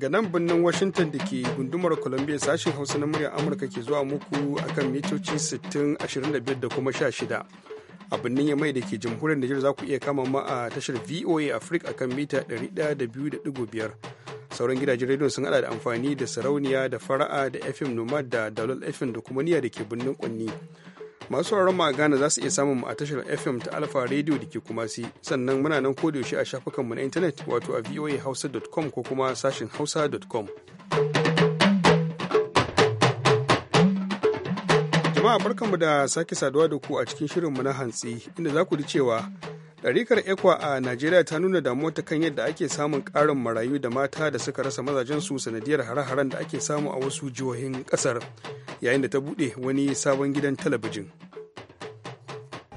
daga nan birnin washington da ke gundumar columbia sashen hausa na muryar amurka ke zuwa muku akan mitoci 60 25 da kuma 16 a birnin yamai da ke jamhuriyar Nijar za ku iya kama ma a tashar VOA Africa akan mita 102.5 sauran gidajen rediyo sun hada da amfani da sarauniya da fara'a da FM Nomad da Dalol FM da kuma niya da ke birnin Kwanni. masu sauraron mu a Ghana za su iya samun mu a tashar FM ta Alpha Radio da ke kuma si sannan muna nan ko yaushe a mu na intanet wato a voahausa.com ko kuma sashin hausa.com. Jama'a barkanmu da sake saduwa da ku a cikin shirin mu na hantsi inda za ku ji cewa ɗarikar ekwa a najeriya ta nuna damuwa ta kan yadda ake samun ƙarin marayu da mata da suka rasa mazajensu sanadiyar hare-haren da ake samu a wasu jihohin ƙasar yayin da ta buɗe wani sabon gidan talabijin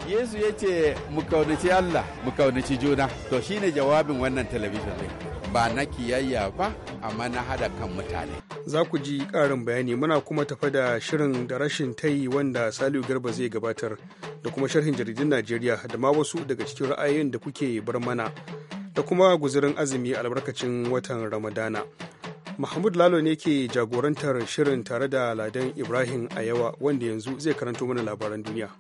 yesu ya ce mu kaunaci allah mu kaunaci juna to shine jawabin wannan talabijin ɗin ba na kiyayya ba amma na hada kan mutane. Za ku ji ƙarin bayani muna kuma tafa da shirin da rashin tayi wanda Saliu Garba zai gabatar da kuma sharhin jaridun Najeriya da ma wasu daga cikin ra'ayoyin da kuke bar mana da kuma guzurin azumi albarkacin watan Ramadana. Mahmud Lalo ne ke jagorantar shirin tare da Ladan Ibrahim yawa, wanda yanzu zai karanto mana labaran duniya.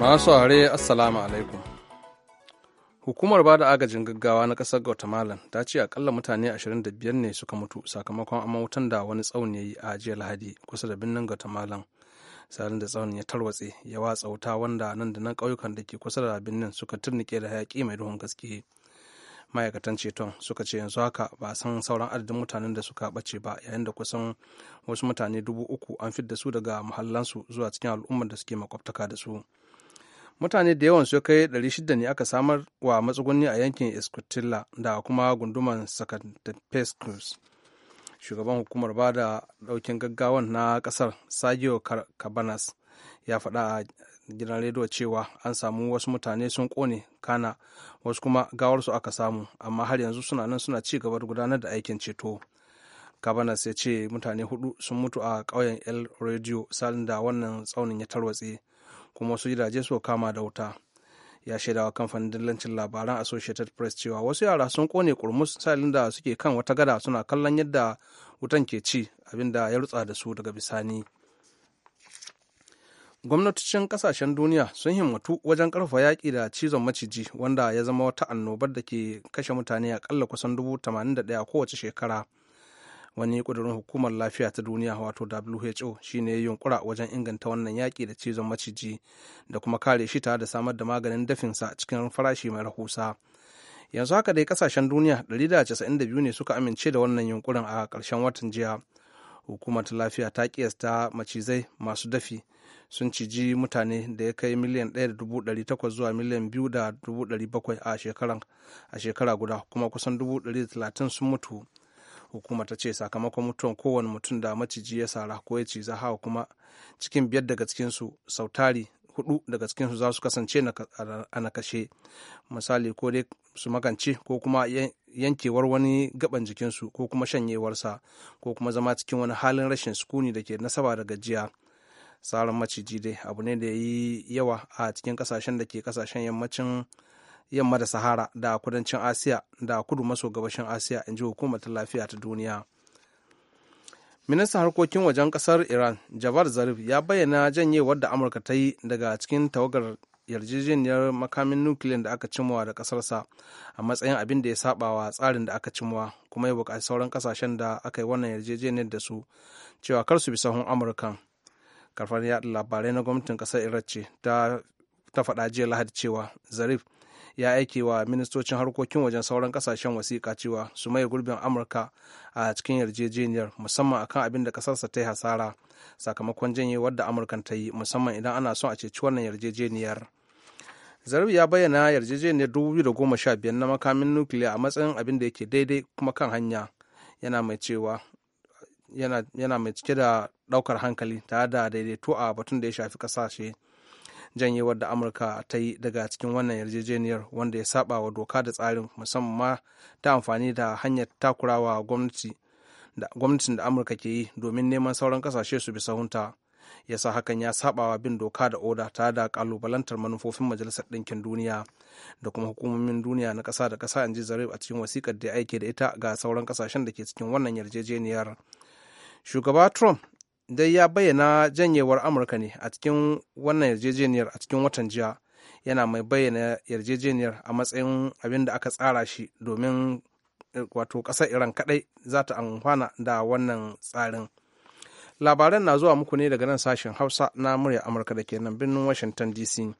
Masu are Assalamu alaikum. Hukumar bada agajin gaggawa na kasar Guatemala ta ce akalla mutane 25 ne suka mutu sakamakon amautan da wani tsaun ya yi a jiya Lahadi kusa da birnin Guatemala. Sarin da tsaunin ya tarwatse ya watsa wuta wanda nan da nan ƙauyukan da ke kusa da birnin suka turnike da hayaƙi mai duhun gaske. ma'aikatan ceton suka ce yanzu haka ba a san sauran adadin mutanen da suka bace ba yayin da kusan wasu mutane dubu uku an fidda su daga muhallansu zuwa cikin al'ummar da suke makwabtaka da su mutane da yawan su kai 600 ne aka samar wa matsugunni a yankin escutilla da kuma gunduman sacantepesus shugaban hukumar ba da daukin gaggawan na kasar sagio cabanas ya faɗa a gidan rediyo cewa an samu wasu mutane sun kone kana wasu kuma gawarsu aka samu amma har yanzu suna nan suna ci gaba da gudanar da aikin ceto cabanas ya ce mutane hudu sun mutu a ƙauyen el radio salin da wannan tsaunin ya tarwatse kuma wasu gidaje su kama da wuta ya shaidawa kamfanin dillancin labaran associated press cewa wasu yara sun kone kurmus salin da suke kan wata gada suna kallon yadda wutan ke ci abinda ya rutsa da su daga bisani gwamnatocin kasashen duniya sun himmatu wajen karfa yaƙi da cizon maciji wanda ya zama wata annobar da ke kashe mutane kalla kusan dubu ɗaya kowace shekara wani ƙudurin hukumar lafiya ta duniya wato who shine yunkura wajen inganta wannan yaƙi da cizon maciji da kuma kare shi tare da samar da maganin dafinsa cikin farashi mai rahusa yanzu haka dai kasashen duniya 192 ne suka amince da wannan yunkurin a ƙarshen watan jiya hukumar ta lafiya ta kiyasta macizai masu dafi sun ciji mutane da ya kai miliyan 1.800 zuwa miliyan 2.700 a shekara guda kuma kusan 130 sun mutu hukumar ta ce sakamakon mutuwan kowane mutum da maciji ya sara ko ya ciza hawa kuma cikin biyar daga cikinsu sautari hudu daga cikinsu za su kasance a nakashe misali ko dai su magance ko kuma yankewar wani gaban jikinsu ko kuma shanyewarsa ko kuma zama cikin wani halin rashin sukuni da ke nasaba da gajiya tsarin maciji dai abu ne da ya yi yawa a cikin kasashen da ke kasashen yammacin yamma da sahara da kudancin asiya da kudu maso gabashin asiya in ji hukumar lafiya ta duniya ministan harkokin wajen kasar iran javar zarif ya bayyana janyewar da amurka ta yi daga cikin tawagar yarjejeniyar makamin nukiliyan da aka cimowa da kasarsa a matsayin abin da ya saba wa tsarin da aka cimowa kuma ya bukaci sauran kasashen da aka yi wannan yarjejeniyar da su cewa kar su bi sahun amurka karfar yaɗa labarai na gwamnatin kasar iran ce ta faɗa jiya lahadi cewa zarif ya aike wa ministocin harkokin wajen sauran kasashen wasiƙa cewa su maye gurbin amurka a cikin yarjejeniyar musamman akan abin da kasarsa ta yi hasara sakamakon janye wadda amurkan ta yi musamman idan ana son a ceci wannan yarjejeniyar zarbi ya bayyana yarjejeniyar dubu sha biyar na makamin nukiliya a matsayin abin da yake daidai kuma kan hanya yana mai cewa yana mai cike da daukar hankali tare da daidaito a batun da ya shafi kasashe janyewar da amurka ta yi daga cikin wannan yarjejeniyar wanda ya saba wa doka da tsarin musamman ma ta amfani da hanyar takurawa gwamnati gwamnatin da amurka ke yi domin neman sauran kasashe su bi sahunta ya sa hakan ya saba bin doka da oda ta da kalubalantar manufofin majalisar ɗinkin duniya da kuma hukumomin duniya na ƙasa da ƙasa in ji zarif a cikin wasikar da aike da ita ga sauran kasashen da ke cikin wannan yarjejeniyar shugaba trump dai ya bayyana janyewar amurka ne a cikin wannan yarjejeniyar a cikin watan jiya yana mai bayyana yarjejeniyar a matsayin abin da aka tsara shi domin eh, wato ƙasar iran kaɗai za ta amfana da wannan tsarin labaran na zuwa muku ne daga nan sashen hausa na murya amurka da ke nan birnin washington dc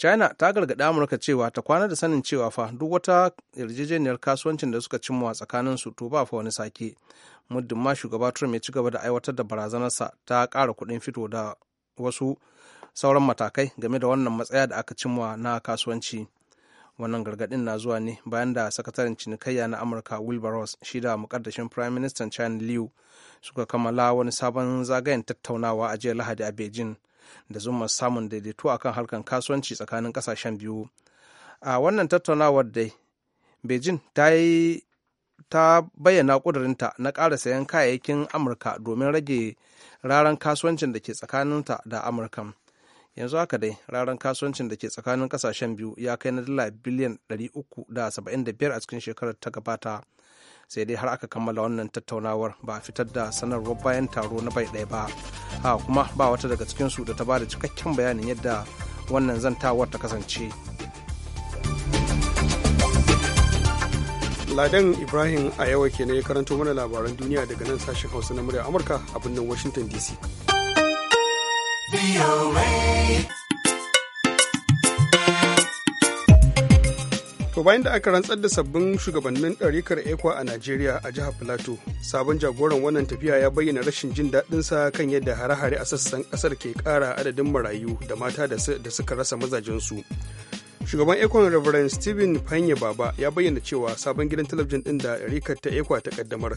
china ta gargaɗi amurka cewa ta kwana da sanin cewa fa duk wata yarjejeniyar kasuwancin da suka cimma tsakanin su to ba fa wani sake muddin ma shugaba trump ya ci gaba da aiwatar da sa ta ƙara kuɗin fito da wasu sauran matakai game da wannan matsaya da aka cimma na kasuwanci wannan gargadin na zuwa ne bayan da sakataren cinikayya na amurka wilbur ross shi da mukaddashin prime minister china liu suka kammala wani sabon zagayen tattaunawa a jiya lahadi a beijing da zuma samun daidaito kan harkar kasuwanci tsakanin kasashen biyu a wannan tattaunawar dai beijing ta yi ta bayyana ƙudurinta na ƙara sayan kayayyakin amurka domin rage raran kasuwancin da ke tsakaninta da amurka yanzu haka dai raran kasuwancin da ke tsakanin kasashen biyu ya kai na dala biliyan 375 a cikin shekarar ta gabata sai dai har aka kammala wannan tattaunawar ba a fitar da sanarwar bayan taro na bai ɗaya ba a kuma ba wata daga cikinsu da ta ba da cikakken bayanin yadda wannan zantawar ta kasance ladan ibrahim a yawa ke ya karanto mana labaran duniya daga nan sashen hausa na murya amurka a birnin washington dc To bayan da aka rantsar da sabbin shugabannin ɗarikar ekwa a Najeriya a jihar Filato, sabon jagoran wannan tafiya ya bayyana rashin jin daɗinsa kan yadda hare-hare a sassan ƙasar ke ƙara adadin marayu da mata da suka rasa mazajensu. Shugaban ekwan Reverend Stephen Panye Baba ya bayyana cewa sabon gidan talabijin ɗin da ɗarikar ta ekwa ta ƙaddamar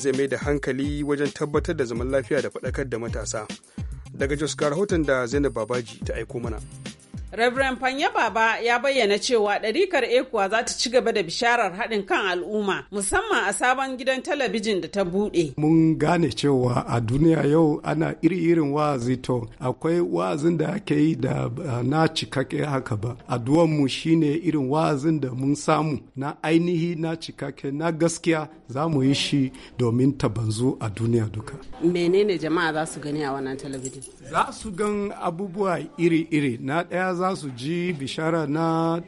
zai mai da hankali wajen tabbatar da zaman lafiya da faɗakar da matasa. Daga Jos rahoton da Zainab Babaji ta aiko mana. Reverend Fanya Baba ya bayyana cewa ɗarikar ekuwa za ta ci gaba da bisharar haɗin kan al'umma musamman a sabon gidan talabijin da ta buɗe. Mun gane cewa a duniya yau ana iri-irin wa'azi to akwai wa'azin da ake yi da na cikakke haka ba. mu shine irin wa'azin da mun samu na ainihi na cikakke na gaskiya za mu yi shi domin tabanzu a duniya duka. Menene jama'a za su gani a wannan talabijin? Za su gan abubuwa iri-iri na ɗaya za su ji bishara na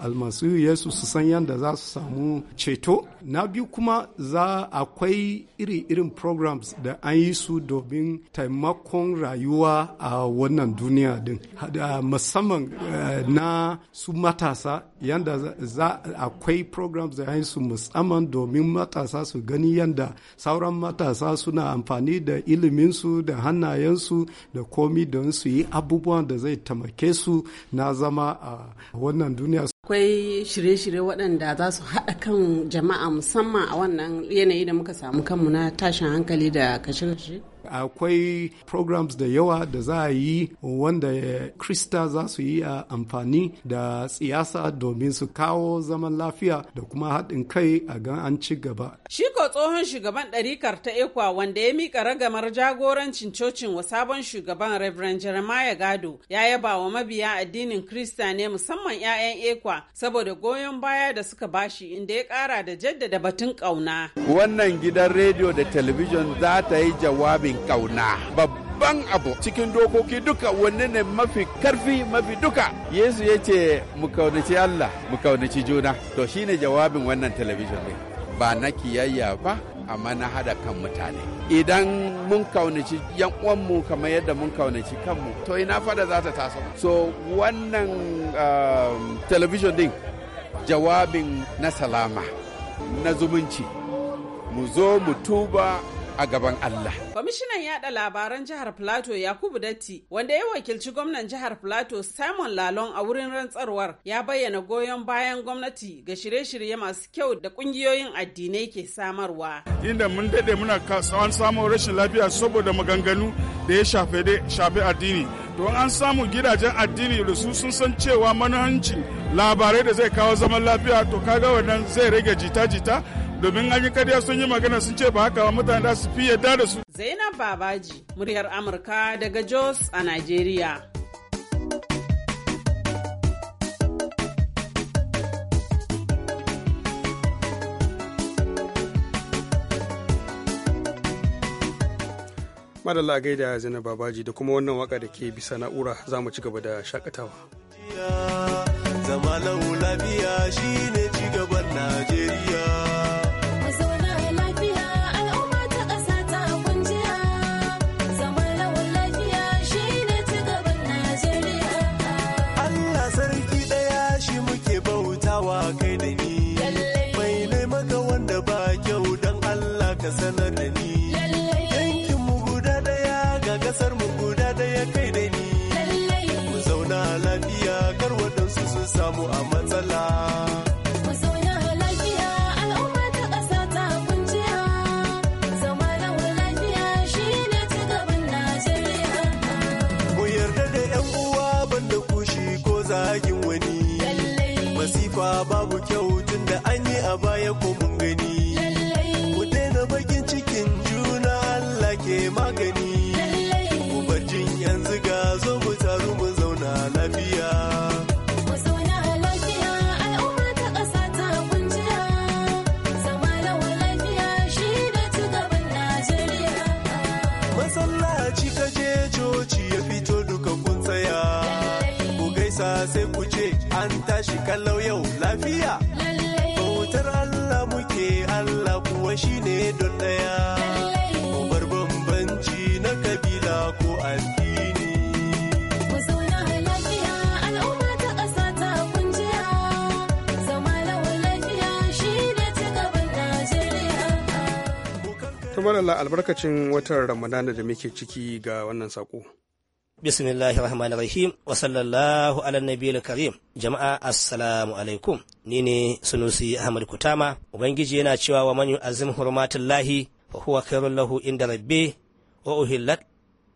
almasu yesu su san yadda za su samu ceto na biyu kuma za akwai iri-irin programs da an yi su domin taimakon rayuwa a wannan duniya din musamman eh, na su matasa yadda za akwai programs da an su musamman domin matasa su gani yanda sauran matasa suna amfani da iliminsu da hannayensu da komi don su yi abubuwan da zai taimake su na zama a wannan duniya akwai shirye-shirye waɗanda za su haɗa kan jama'a musamman a wannan yanayi da muka samu kanmu na tashin hankali da kashe-kashe akwai programs da yawa da za a yi wanda krista za su yi amfani da siyasa domin su kawo zaman lafiya da kuma haɗin kai a gan an ci gaba. Shi ko tsohon shugaban ɗarikar ta ekwa wanda ya mika ragamar jagorancin cocin wa sabon shugaban Reverend Jeremiah Gado ya yaba wa mabiya addinin krista ne musamman 'ya'yan ekwa saboda goyon baya da suka bashi inda ya ƙara da jaddada batun ƙauna. Wannan gidan rediyo da talabijin za ta yi jawabi cikin kauna babban abu cikin dokoki duka wanne ne mafi karfi mafi duka yesu ya ce mu kaunaci allah mu kaunaci juna to shine jawabin wannan talabijin ne ba na kiyayya ba amma na hada kan mutane idan mun kaunaci yan uwanmu kamar yadda mun kaunaci kanmu to ina fada za ta taso so wannan um, talabijin din jawabin na salama na zumunci mu zo mu tuba a gaban Allah. Kwamishinan yada labaran jihar Plateau Yakubu Datti wanda ya wakilci gwamnan jihar Plateau Simon Lalon a wurin rantsarwar ya bayyana goyon bayan gwamnati ga shirye-shirye masu kyau da kungiyoyin addinai ke samarwa. Inda mun dade muna an samun rashin lafiya saboda maganganu da ya shafe addini. don an samu gidajen addini da su sun san cewa manahancin labarai da zai kawo zaman lafiya to kaga wannan zai rage jita-jita domin an yi karya sun yi magana sun ce ba haka mutane da su fi yadda da su. Zainab Babaji, muryar Amurka daga Jos a Najeriya. Madalla gaida Zainab Babaji da kuma wannan waka da ke bisa na'ura za mu ci gaba da shakatawa. Zama lafiya shine ci gaban Najeriya. Allah albarkacin watan ramadana da muke ciki ga wannan sako bismillahi rahmanir rahim wa sallallahu ala nabiyil karim jama'a assalamu alaikum ni ne sunusi ahmad kutama ubangiji yana cewa wa man yu'azzim hurmatullahi wa huwa khairul lahu inda rabbi wa uhillat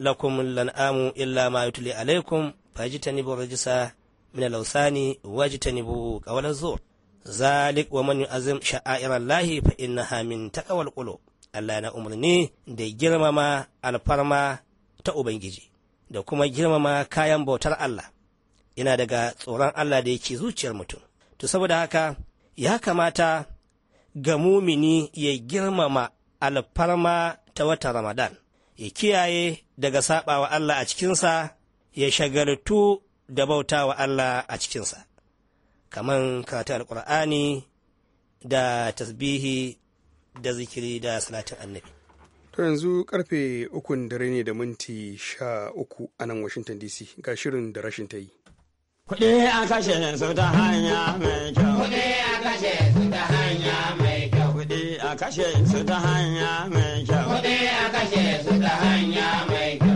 lakum lan'amu illa ma yutli alaikum fajtanibu rajsa min al-awsani wajtanibu qawla zur zalik wa man yu'azzim sha'airallahi fa innaha min taqwal qulub Allah na umarni da girmama alfarma ta Ubangiji da kuma girmama kayan bautar Allah yana daga tsoron Allah da yake zuciyar mutum to saboda haka ya kamata ga mumini ya girmama alfarma ta wata Ramadan ya kiyaye daga saɓawa Allah a cikinsa ya shagaltu da bautawa Allah a cikinsa kamar karatu alkur'ani da tasbihi da zikiri da salatin annabi to yanzu karfe ukun dare ne da minti sha uku a nan washington dc ga shirin da rashin ta yi kuɗi a kashe su ta hanya mai kyau kuɗi a kashe su ta hanya mai kyau kuɗi a kashe su ta hanya mai kyau kuɗi a kashe su ta hanya mai kyau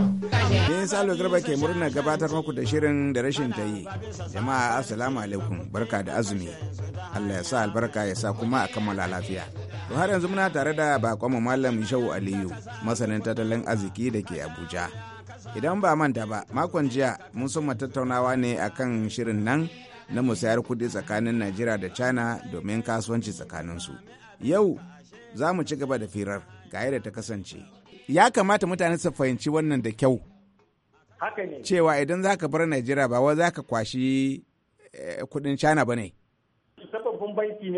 Salo Garba ke murna gabatar muku da shirin da rashin ta yi. Jama'a Assalamu alaikum barka da azumi. Allah ya sa albarka ya sa kuma a kammala lafiya. To har yanzu muna tare da bakon mallam Shehu Aliyu, masanin tattalin arziki da ke Abuja. Idan ba manta ba, makon jiya mun soma tattaunawa ne akan shirin nan na musayar kuɗi tsakanin Najeriya da China domin kasuwanci tsakaninsu. Yau za mu ci gaba da firar ga da ta kasance. Ya kamata mutane su fahimci wannan da kyau. cewa idan za ka bar najeriya ba wai za ka kwashi eh, kudin china ba ne sababbin banki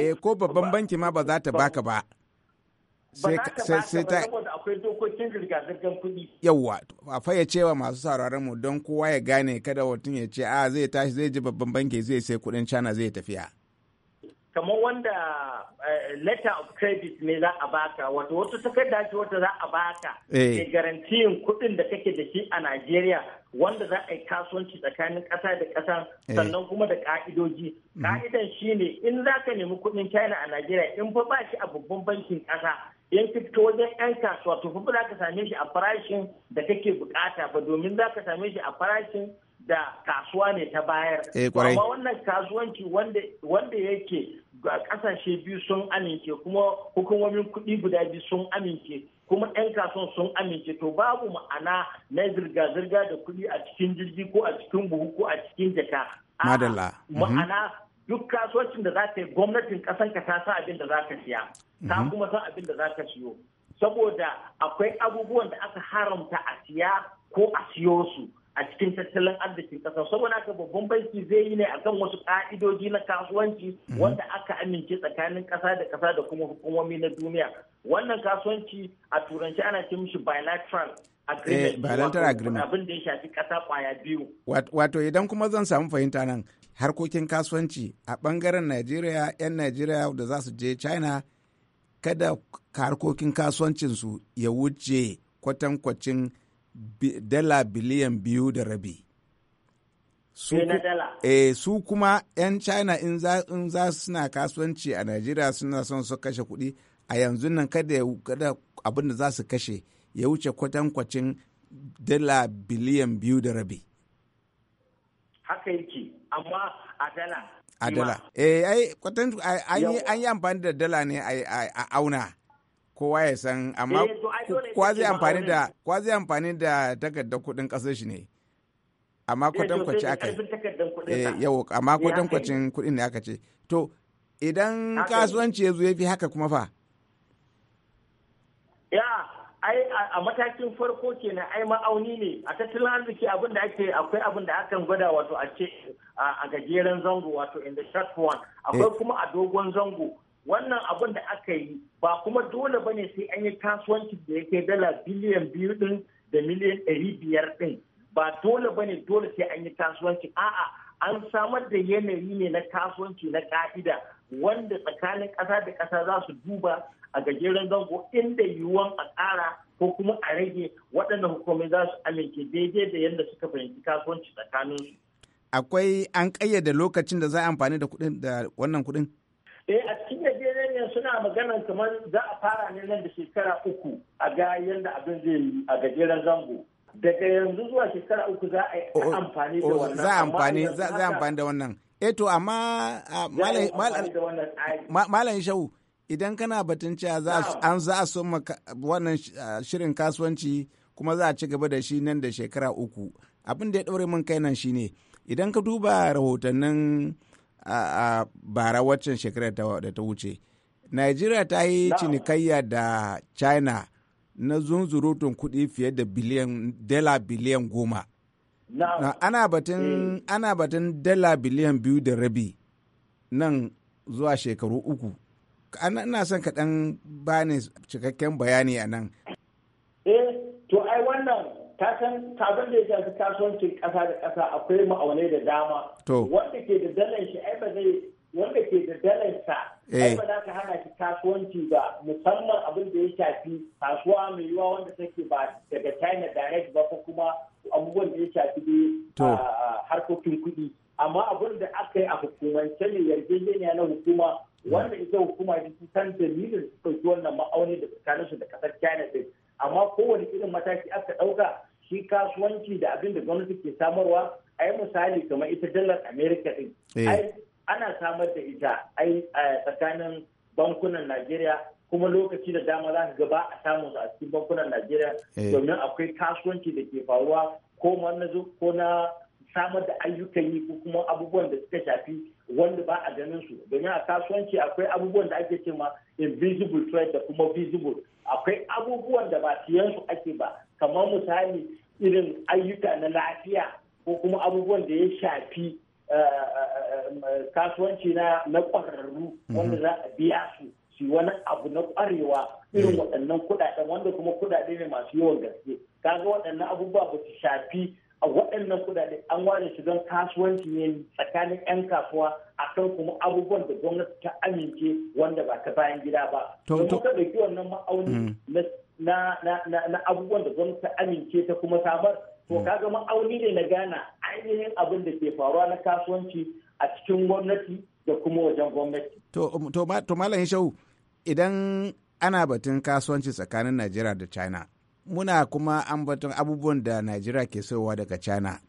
eh, ko babban banki ma ba za ta baka ba sai ta akwai dokokin zirga-zirgar kuɗi yawa a faya cewa masu sauraron mu don kowa ya gane kada mutum ya ce a ah, zai tashi zai ji babban banki zai sai kudin china zai tafiya kamar wanda eh, letter of credit ne za a baka wato wata takarda ce wata za a baka da eh. garantiyin kuɗin da kake da shi a Najeriya wanda za a yi kasuwanci tsakanin ƙasa da ƙasa eh. sannan kuma da ƙa'idoji mm-hmm. ƙa'idan shi ne in za ka nemi kuɗin China a Najeriya in fa ba shi a babban bankin ƙasa in fito wajen yan kasuwa to fa ba za ka same shi a farashin da kake bukata ba domin za ka same shi a farashin da kasuwa ne ta bayar. Eh, Amma wannan kasuwanci wanda yake kasashe biyu sun amince kuma hukumomin kuɗi guda biyu sun amince kuma 'yan kasuwan sun amince to babu ma'ana na zirga-zirga da kuɗi a cikin jirgi ko a cikin buhu ko a cikin jaka. Madalla. Mhm. Ma'ana duk kasuwancin da za ta yi gwamnatin ka ta sa abin da za ka siya. Ta mhm. kuma sa abin da za ka siyo. Saboda akwai abubuwan da aka haramta a siya ko a siyo su. a cikin tattalin arzikin ƙasa saboda haka babban banki zai yi ne akan wasu ka'idoji na kasuwanci mhm. wanda aka amince tsakanin kasa da kasa da kuma hukumomi na duniya wannan kasuwanci a turanci ana ce mishi bilateral eh, bilateral agreement abin da ya shafi kasa kwaya biyu wato idan kuma zan samu fahimta nan harkokin kasuwanci a bangaren najeriya 'yan najeriya da za su je china kada harkokin kasuwancinsu ya wuce kwatankwacin dala biliyan biyu da rabi su eh, eh, kuma 'yan china in za suna kasuwanci a najeriya suna son su kashe kuɗi a yanzu nan kada abin da za su kashe ya wuce kwatankwacin dala biliyan biyu da rabi haka yake amma a dala a dala eh ai an yi amfani da dala ne a auna kowa ya san amma eh, kwa amfani da amfani da takardar kuɗin kasar shi ne amma eh, kwatankwaci aka yi eh, yau amma kwatankwacin kuɗin ne aka ce to idan kasuwanci ya zo ya fi haka kuma fa ya ai a matakin farko kenan ai ma'auni ne a tattalin arziki abin da ake akwai abin da akan gwada wato a ce a gajeren zango wato in the short one eh. akwai kuma a dogon zango wannan abin da aka yi ba kuma dole ba ne sai an yi kasuwanci da ya kai dala biliyan biyu din da miliyan ɗari biyar din ba dole ba ne dole sai an yi kasuwanci a'a an samar da yanayi ne na kasuwanci na ka'ida wanda tsakanin ƙasa da ƙasa za su duba a gajeren zango inda yiwuwan a ƙara ko kuma a rage waɗanda hukumai za su amince daidai da yadda suka fahimci kasuwanci tsakaninsu. Akwai an ƙayyade lokacin da za a amfani da kuɗin da wannan kuɗin? eh a cikin gajeriyar suna magana kamar za a fara ne nan da shekara uku a ga yadda abin zai yi a gajeren zango daga yanzu zuwa shekara uku za a amfani da wannan za a amfani za a amfani da wannan eh to amma malam shau idan kana batun cewa an za a so wannan shirin kasuwanci kuma za a ci gaba da shi nan da shekara uku abin da ya ɗaure min kai nan shine idan ka duba rahotannin a bara waccan shekarar da ta wuce najeriya ta yi cinikayya da china na zunzurutun kuɗi fiye da dala biliyan goma eh. ana batun dala biliyan biyu da rabi nan zuwa shekaru uku ana son kaɗan bani cikakken bayani a nan eh to ai wannan kasan san da ya shafi kasuwancin ƙasa da kasa akwai ma'aunai da dama wanda ke da dalan shi ai ba zai wanda ke da dalan sa ai eh. ba za ka hana shi kasuwanci ba musamman abin da ya shafi kasuwa mai yiwuwa wanda take ba daga China direct ba ko kuma abubuwan da ya shafi dai ah, harkokin kuɗi amma abin da aka yi a hukumance ne yarjejeniya na hukuma wanda ita hukuma ta san dalilin su ɗauki wannan ma'auni da tsakaninsu da ƙasar China din amma kowane irin mataki aka ɗauka shi kasuwanci da abin da gwamnati ke samarwa ai misali kamar ita dalar Amerika din eh. ana samar da ita ai tsakanin bankunan najeriya kuma lokaci da dama za ka gaba a samu a cikin bankunan najeriya eh. domin akwai kasuwanci da ke faruwa ko na samar da ayyukan yi ko kuma abubuwan da suka shafi wanda ba a ganin su domin a kasuwanci akwai abubuwan da ake cewa invisible trade da kuma visible akwai abubuwan da ba siyan su ake ba kamar misali irin ayyuka na lafiya ko kuma abubuwan da ya shafi eh, eh, eh, kasuwanci na ƙwararru mhm. wanda za a biya su su wani abu na ƙwarewa irin mm. waɗannan kuɗaɗen wanda kuma kuɗaɗe ne masu yawan gaske kaga waɗannan abubuwa ba su shafi a waɗannan kuɗaɗe an ware shi don kasuwanci ne tsakanin 'yan kasuwa akan kuma abubuwan da gwamnati ta amince wanda ba ta bayan gida ba. Domin ka ɗauki wannan ma'auni mm. na na abubuwan da gwamnati ta amince ta kuma samar to hmm. kaga ma'auni ne na gana ainihin abin da ke faruwa na kasuwanci a cikin gwamnati da kuma wajen gwamnati. To um, Malam Shau idan ana batun kasuwanci tsakanin Najeriya da China muna kuma an batun abubuwan da Najeriya ke sayowa daga China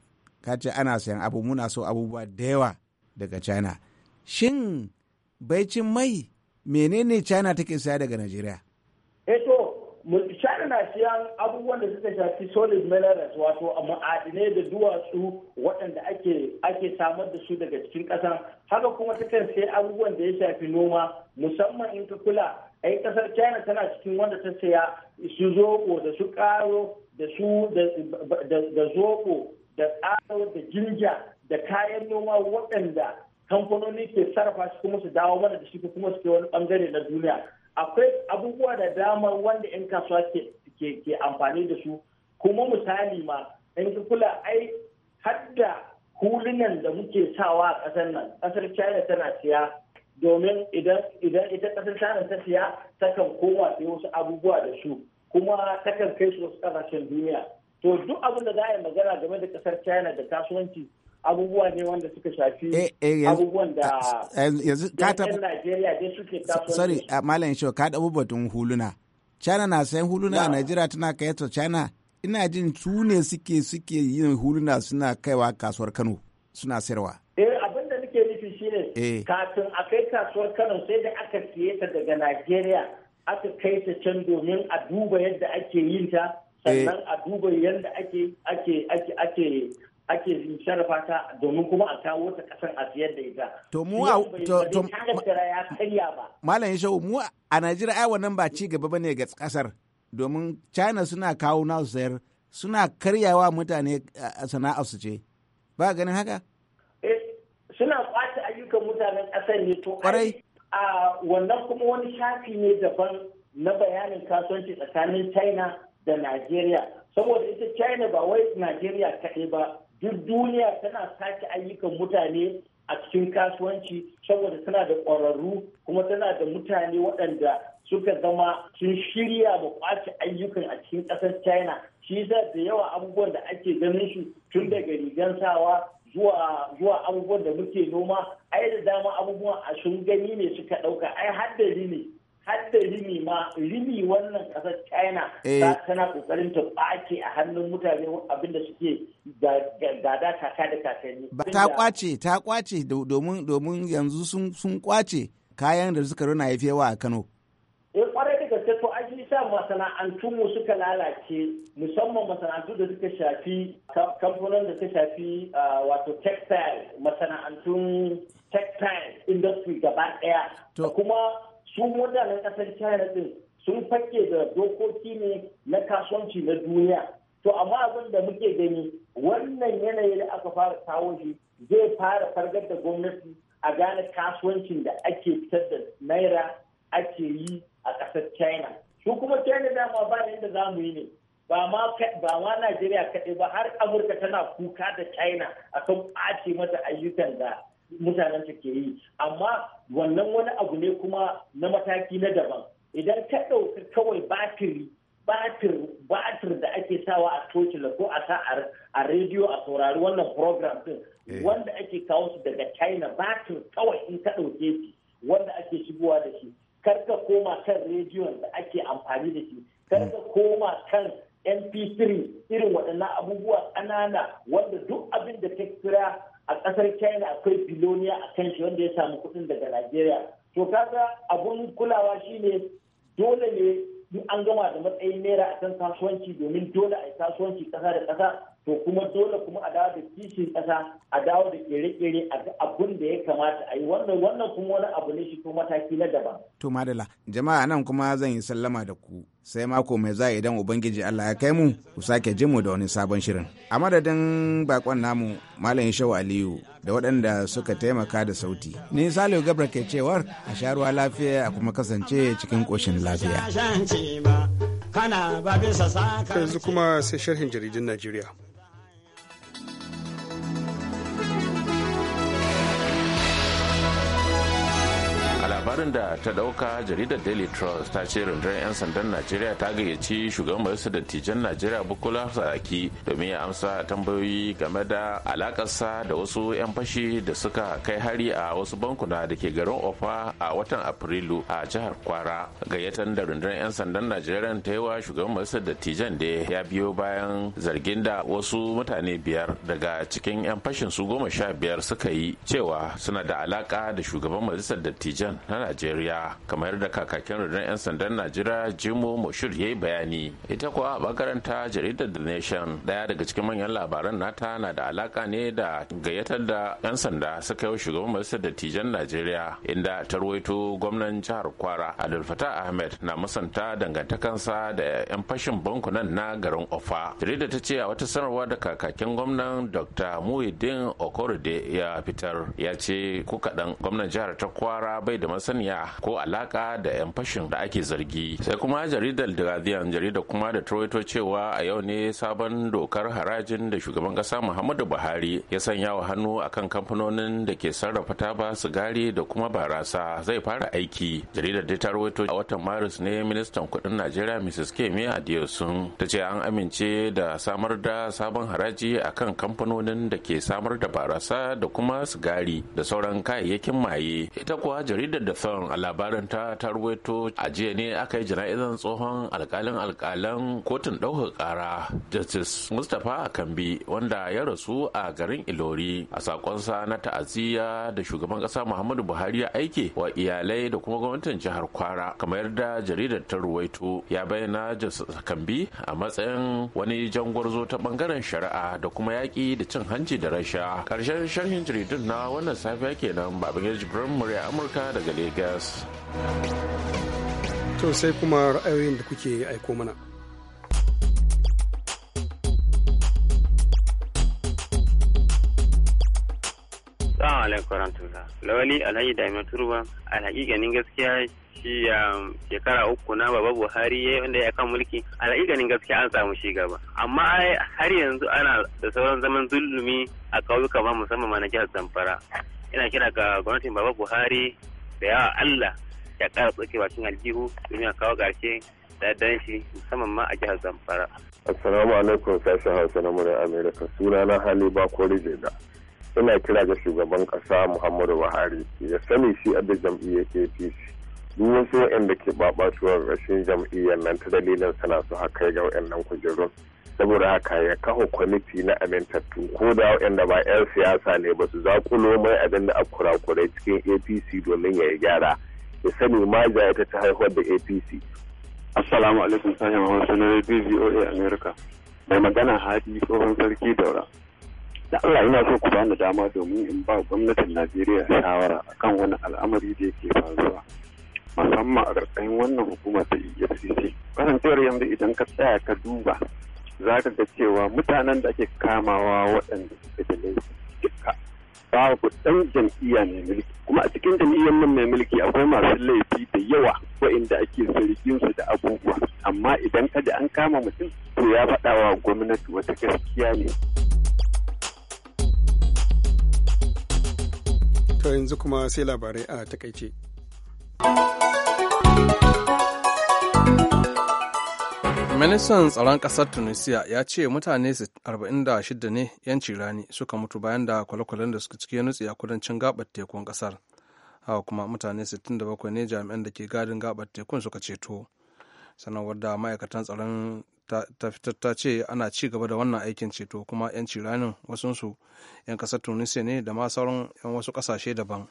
ka ce ana sayan abu muna so abubuwa da yawa daga China shin baicin mai menene China take saya daga Najeriya? Eto eh China na siyan abubuwan da suka shafi solid minerals wato a ma'adinai da duwatsu waɗanda ake ake samar da su daga cikin ƙasa haka kuma takan sai abubuwan da ya shafi noma musamman in ka kula ai ƙasar China tana cikin wanda ta saya su zoko da su ƙaro da su da zoko da ƙaro da jinja da kayan noma waɗanda kamfanoni ke sarrafa su kuma su dawo mana da shi kuma su ke wani ɓangare na duniya akwai abubuwa da dama wanda 'yan kasuwa ke amfani da su kuma misali ma in ka kula ai hadda hulunan da muke sawa a ƙasar nan ƙasar china tana siya domin idan ita ƙasar china ta siya takan koma sai wasu abubuwa da su kuma takan kai su wasu ƙasashen duniya to duk abin da za a yi magana game da ƙasar china da kasuwanci abubuwa ne wanda suka shafi eh, eh, abubuwan da yanzu ka taɓa Najeriya dai suke kasuwanci. Sorry, Malam Shehu, ka taɓa batun huluna. China na sayan huluna a Najeriya tana kai ta China. Ina jin su ne suke suke yin huluna suna kaiwa kasuwar Kano suna sayarwa. Eh abin da nake nufi shine eh. kafin a kai kasuwar Kano sai da aka siye ta daga Najeriya aka kai ta can domin a duba yadda ake yin ta sannan a duba yadda ake ake ake ake ake sarrafa ta domin kuma a kawo ta kasar a siyar da ita. To mu a to ya karya ba. Malam Shehu mu a Najeriya ai wannan ba ci gaba bane ga kasar domin China suna kawo nasu sayar suna karyawa mutane sana'ar su ce. Ba ganin haka? Eh, suna kwace ayyukan mutanen kasar ne to kwarai a wannan kuma wani shafi ne daban na bayanin kasuwanci tsakanin China da Najeriya saboda ita China ba wai Najeriya kaɗai ba duk duniya tana sake ayyukan mutane a cikin kasuwanci saboda tana da ƙwararru kuma tana da mutane waɗanda suka zama sun shirya da kwace ayyukan a cikin ƙasar china shi yasa da yawa abubuwan da ake ganin su tun daga rigan sawa zuwa abubuwan da muke noma ai da dama abubuwan a sun gani ne suka ɗauka ai haddari ne hadda rini ma rini wannan kasar china eh. tana kokarin ta ɓace a hannun mutane abinda suke gada kaka da kakanni ba ta kwace ta kwace domin domin yanzu sun sun kwace kayan da suka rona yawa a kano eh kwarai da gaske to an sa masana'antun mu suka lalace musamman masana'antu da suka shafi kamfanin da suka shafi wato textile masana'antun textile industry gaba daya kuma su mutanen kasar china din sun fakke da dokoki ne na kasuwanci na duniya to amma abin da muke gani wannan yanayi da aka fara kawo shi zai fara fargar da gwamnati a gane kasuwancin da ake fitar da naira ake yi a ƙasar china su kuma china dama ba yadda za mu yi ne ba ma najeriya kaɗai ba har amurka tana kuka da china a kan ɓace mata ayyukan da mutanen ta ke yi amma wannan wani abu ne kuma na mataki na daban idan ka ɗauka kawai batiri batir batir da ake sawa a tocila ko a sa a rediyo a saurari wannan program din eh. wanda ake kawo su daga china batir kawai in ka ɗauke shi wanda ake shigowa da shi kar ka koma kan rediyon da ake amfani da shi kar ka koma kan mp3 irin waɗannan abubuwa ƙanana wanda duk abin da ta kira a ƙasar china akwai biloniya a kan shi wanda ya samu kuɗin daga nigeria to kaga abun kulawa shine dole ne in an gama da matsayin naira a kan kasuwanci domin dole a yi kasuwanci ƙasa da ƙasa to kuma dole kuma a dawo da kishin kasa a dawo da kere-kere a ga abun da ya kamata a yi wannan wannan kuma wani abu ne shi ko mataki na daban. To madala jama'a nan kuma zan yi sallama da ku sai mako mai za idan ubangiji Allah ya kai mu ku sake jin mu da wani sabon shirin. A madadin bakon namu Malam Shehu Aliyu da waɗanda suka taimaka da sauti. Ni Salihu Gabra ke cewar a sha lafiya a kuma kasance cikin ƙoshin lafiya. Yanzu kuma sai sharhin jaridun Najeriya. labarin da ta dauka jaridar daily trust ta ce rundunar 'yan sandan najeriya ta gayyaci shugaban majalisa dattijan najeriya bukola saraki domin ya amsa tambayoyi game da alakarsa da wasu 'yan fashi da suka kai hari a wasu bankuna da ke garin ofa a watan afrilu a jihar kwara gayyatar da rundunar 'yan sandan najeriya ta yi wa shugaban majalisa dattijan da ya biyo bayan zargin da wasu mutane biyar daga cikin 'yan fashin su goma sha biyar suka yi cewa suna da alaka da shugaban majalisar dattijan na najeriya kamar da kakakin rundunar 'yan sandan najeriya jimo moshud ya yi bayani ita kuwa a makaranta jaridar the nation daya daga cikin manyan labaran nata na da alaka ne da gayyatar da 'yan sanda suka yi shugaban majalisar dattijan najeriya inda ta ruwaito gwamnan jihar kwara adolfata fatah ahmed na musanta dangantakansa da 'yan fashin bankunan na garin ofa jaridar ta ce a wata sanarwa da kakakin gwamnan dr muhyiddin okorode ya fitar ya ce ko kaɗan gwamnan jihar ta kwara bai da masa masaniya ko alaka da 'yan fashin da ake zargi sai kuma jaridar da guardian jaridar kuma da troito cewa a yau ne sabon dokar harajin da shugaban kasa muhammadu buhari ya sanya wa hannu akan kamfanonin da ke sarrafa taba sigari da kuma barasa zai fara aiki jaridar da ta rawaito a watan maris ne ministan kudin najeriya mrs kemi adiosun ta ce an amince da samar da sabon haraji akan kamfanonin da ke samar da barasa da kuma sigari da sauran kayayyakin maye ita kuwa jaridar da son labarin ta ta ruwaito a jiya ne aka yi jana'izar tsohon alkalin alkalan kotun ɗaukar ƙara justice mustapha akambi wanda ya rasu a garin ilori a sakonsa na ta'aziyya da shugaban ƙasa muhammadu buhari ya aiki wa iyalai da kuma gwamnatin jihar kwara kamar yadda jaridar ta ruwaito ya bayyana justice akambi a matsayin wani jangwarzo ta bangaren shari'a da kuma yaƙi da cin hanci da rasha ƙarshen sharhin jaridun na wannan safiya kenan yaji jibrin murya amurka daga lagos Lagos. To sai kuma ra'ayoyin da kuke aiko mana. Assalamu alaikum warahmatullah. Lawali Alhaji Daimar Turba, alhaƙiƙanin gaskiya shi um, shekara uku na baba Buhari ya wanda ya kan mulki, alhaƙiƙanin gaskiya an samu shi gaba. Amma har yanzu ana da sauran zaman zulumi a ƙauyuka ma musamman ma na jihar Zamfara. Ina kira ga gwamnatin baba Buhari da yawa Allah ya kara tsoke bakin aljihu domin a kawo da dan shi musamman ma a jihar Zamfara. Assalamu alaikum sashen Hausa na murar Amerika suna na hali ba kori jeda. Ina kira ga shugaban ƙasa Muhammadu Buhari ya sani shi a da jam'iyyar APC. Duk wasu waɗanda ke babatuwar rashin jam'iyyar nan ta dalilin sana su haka ga waɗannan kujerun. saboda haka ya kawo kwamiti na amintattu ko da waɗanda ba 'yan siyasa ne ba su zakulo mai abin da a kurakurai cikin apc domin ya yi gyara ya sani ma ya ta haihuwar da apc assalamu alaikum sahihin hausa na radio A, america mai magana hadi tsohon sarki daura da allah yana so ku ba ni dama domin in ba gwamnatin najeriya shawara a kan wani al'amari da yake faruwa musamman a ƙarƙashin wannan hukumar ta efcc kasancewar yanzu idan ka tsaya ka duba za ka ga cewa mutanen da ake kamawa waɗanda suka da laifi duka babu ɗan jam'iyya mai mulki kuma a cikin jam'iyyar nan mai mulki akwai masu laifi da yawa waɗanda ake zargin su da abubuwa amma idan kada an kama mutum to ya faɗawa gwamnati wata gaskiya ne. To yanzu kuma sai labarai a takaice. ministan tsaron ƙasar tunisia ya ce mutane 46 ne 'yanci rani suka mutu bayan da kwale-kwalen da suka ciki ya a kudancin gabar tekun ƙasar hawa kuma mutane 67 ne jami'an da ke gadin gabar tekun suka ceto sanarwar da ma'aikatan tsaron ta fitar ta ce ana ci gaba da wannan aikin ceto kuma 'yanci ranin su 'yan ƙasar tunisia ne da ma sauran 'yan wasu ƙasashe daban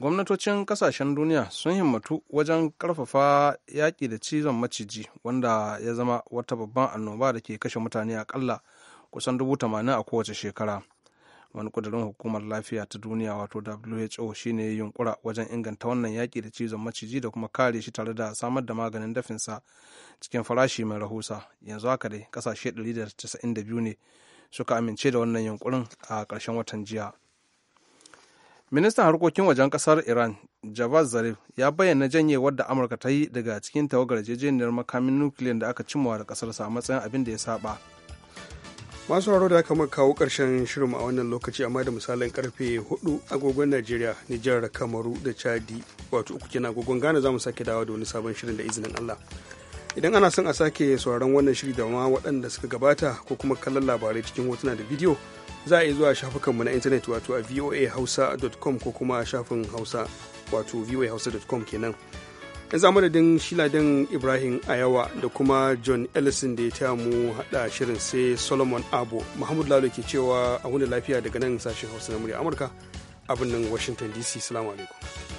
gwamnatocin kasashen duniya sun himmatu wajen karfafa yaƙi da cizon maciji wanda ya zama wata babban annoba da ke kashe mutane akalla kusan dubu tamanin a kowace shekara wani kudurin hukumar lafiya ta duniya wato who shine ya yunkura wajen inganta wannan yaƙi da cizon maciji da kuma kare shi tare da samar da maganin dafinsa cikin farashi mai rahusa yanzu haka dai kasashe 192 ne suka amince da wannan yunkurin a ƙarshen watan jiya ministan harkokin wajen kasar iran javad zarif ya bayyana janyewar da amurka ta yi daga cikin tawagar jejeniyar makamin nukiliyan da aka cimma da kasar a matsayin abin da ya saba masu haro da aka kawo karshen shirin a wannan lokaci amma da misalin karfe 4 agogon najeriya nijar kamaru da chadi wato uku kenan agogon ghana za mu sake dawo da wani sabon shirin da izinin allah idan ana son a sake sauraron wannan shiri da ma waɗanda suka gabata ko kuma kallon labarai cikin hotuna da bidiyo za a yi zuwa shafukanmu na intanet wato a voahausa.com ko kuma shafin hausa wato voahausa.com kenan yanzu madadin shiladin ibrahim ayawa da kuma john ellison da ya taya mu hada shirin sai solomon abu muhammadu lalo ke cewa a wani lafiya daga nan sashen hausa na murya amurka abin nan washington dc salamu alaikum